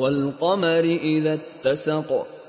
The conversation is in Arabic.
والقمر إذا اتسق